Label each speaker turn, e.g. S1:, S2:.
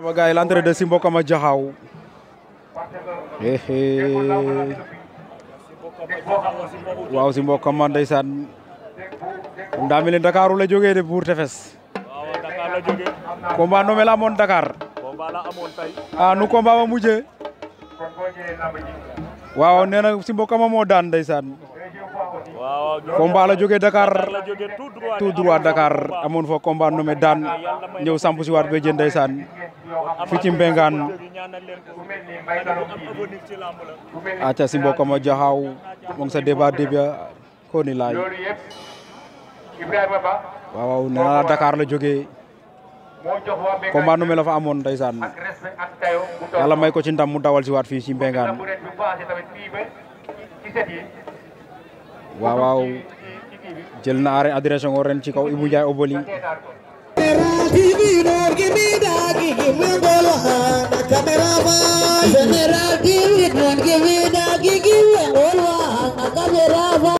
S1: sama gars l'entrée de Simbo Kama hehe waaw Simbo Kama ndaysan ndaa mi Dakar la jógee de Bour Tefes waaw Dakar la jógee combat nommé la Dakar combat la amone tay ah nu combat ba mujjé waaw Simbo Kama moo combat la Dakar tout droit Dakar amone fo combat nommé dan ñëw samp ci wat be jeun fi ci mbengaan si simbo kama jahaw mo sa débat debia ko ni lay waaw neena la dakar la joge combat nu melo fa amone ndaysan yalla may ko ci ndam mu dawal ci wat fi ci bengan waaw jël na are adresse ngor ren ci kaw ibu jaay oboli Give me that, give me that, give me give it up.